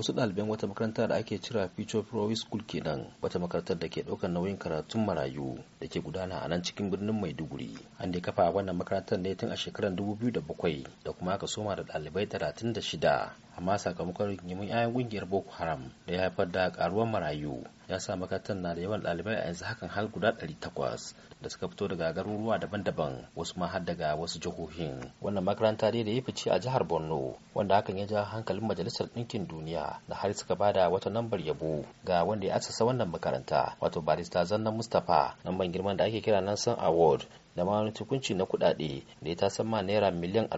wasu ɗaliban wata makaranta da ake cira Future Pro School kenan wata makarantar da ke ɗaukar nauyin karatun marayu da ke gudana a nan cikin birnin Maiduguri. An da kafa wannan makarantar ne tun a shekarar 2007 da kuma aka soma da ɗalibai 36 amma sakamakon rigimin 'ya'yan ƙungiyar Boko Haram da ya haifar da ƙaruwar marayu ya sa makarantar na da yawan ɗalibai a yanzu hakan har guda 800 da suka fito daga garuruwa daban-daban wasu ma har daga wasu jihohin. Wannan makaranta dai da ya fice a jihar Borno wanda hakan ya ja hankalin Majalisar Ɗinkin Duniya da har suka bada wata lambar yabo ga wanda ya asasa wannan makaranta wato barista zannan mustapha lambar girman da ake kira san award da ma wani tukunci na kudade da ya sama naira miliyan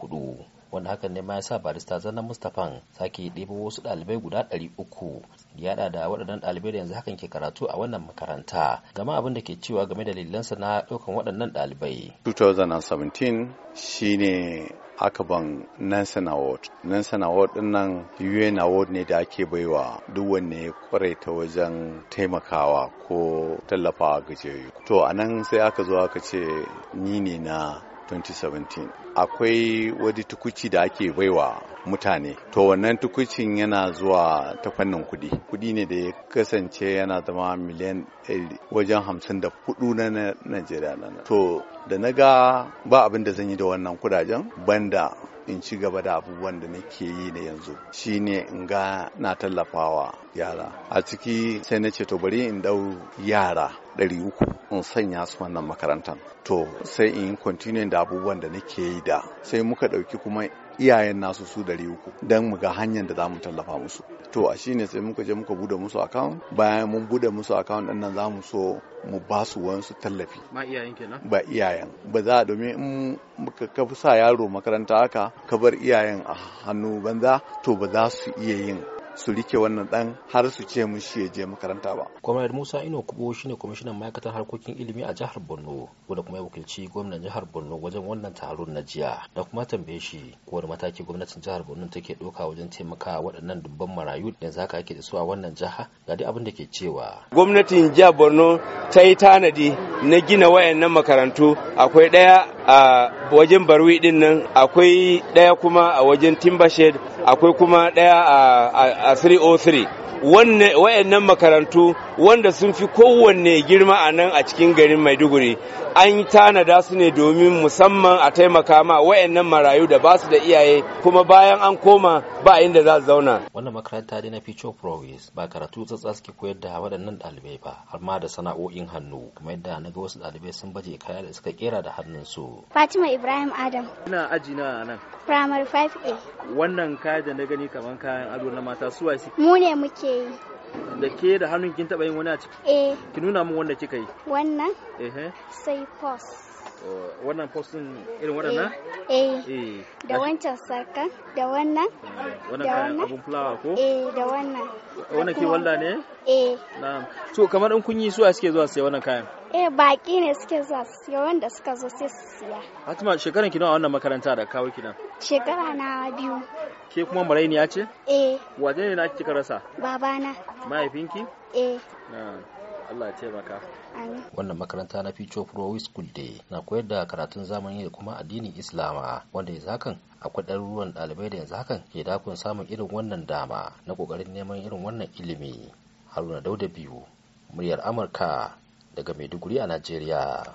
hudu wanda hakan ne ma ya sa barista zannan mustapha sake ɗebo wasu ɗalibai guda 300 ya da waɗannan ɗalibai da yanzu hakan ke karatu a wannan makaranta gama abin da ke cewa game da lillansa na ɗaukan waɗannan ɗalibai 2017 shine haka ban Nansen Award. Nansen Award din nan UN Award ne da ake baiwa duk wanne kwarai ta wajen taimakawa ko tallafawa gajeyu. To a nan sai aka zo aka ce ni ne na 2017. Akwai wani tukuci da ake baiwa mutane to wannan tukucin yana zuwa ta fannin kuɗi kuɗi ne da ya kasance yana zama miliyan wajen hamsin da hudu na najeriya nan to da na ga ba abin da zan yi da wannan kudajen banda in ci gaba da abubuwan da nake yi na yanzu shine in ga na tallafawa yara a ciki sai na ce to bari in dau yara ɗari uku in sanya su wannan makarantar to sai in yi da abubuwan da nake yi da sai muka ɗauki kuma iyayen nasu su dari uku don mu ga hanyar da za mu tallafa musu to a shine sai muka je muka bude musu account bayan mun bude musu account din nan za mu so mu ba su wansu tallafi iyayen ba iyayen ba za domin in muka ka sa yaro makaranta haka ka bar iyayen a hannu banza to ba za su iya yin su rike wannan dan har su ce mun ya je makaranta ba. Comrade Musa Ino Kubo shine kwamishinan ma'aikatar harkokin ilimi a jihar Borno wanda kuma ya wakilci gwamnan jihar Borno wajen wannan taron na jiya da kuma tambaye shi ko wani mataki gwamnatin jihar Borno take doka wajen taimaka waɗannan dubban marayu da za ka ake da su a wannan jiha ga dai abin da ke cewa. Gwamnatin jihar Borno ta yi tanadi na gina wayannan makarantu akwai ɗaya a wajen barwi ɗin nan akwai ɗaya kuma a wajen timbashed akwai kuma ɗaya a 303 wayannan makarantu wanda sun fi kowanne girma a nan a cikin garin maiduguri an tanada su ne domin musamman a taimaka ma wayannan marayu da ba su da iyaye kuma bayan an koma ba inda za su zauna wannan makaranta dai na ficho province ba karatu tsatsa suke koyar da waɗannan ɗalibai ba har ma da sana'o'in hannu kuma yadda na ga wasu ɗalibai sun baje kaya da suka kera da hannun su fatima ibrahim adam ina aji na nan primary 5a wannan kaya kaya da na gani kamar kayan ado na mata su waye mu ne muke yi da ke da hannun kin taba yin wani a ciki eh ki nuna min wanda kika yi wannan sai post wannan post din irin waɗannan? eh, eh. eh. da wancan sarka da wannan mm, da wannan abun fulawa ko? eh da wannan wannan ke walla ne? eh na'am so kamar in kun yi su a suke zuwa sai wannan kayan? eh baki ne suke zuwa su siya wanda suka zo sai su siya Hatima shekaran ki nawa wannan makaranta da kawo ki nan? shekara na biyu ke kuma marainiya ce? eh wajen ne na kika rasa? babana mahaifinki? eh na'am Allah ya taimaka wannan makaranta na Ficho Pro School Day na koyar da karatun zamani da kuma addinin Islama wanda yanzu hakan akwai ɗaruruwan ɗalibai da yanzu hakan ke dakon samun irin wannan dama na ƙoƙarin neman irin wannan ilimi Haruna Dauda biyu muryar Amurka daga Maiduguri a Najeriya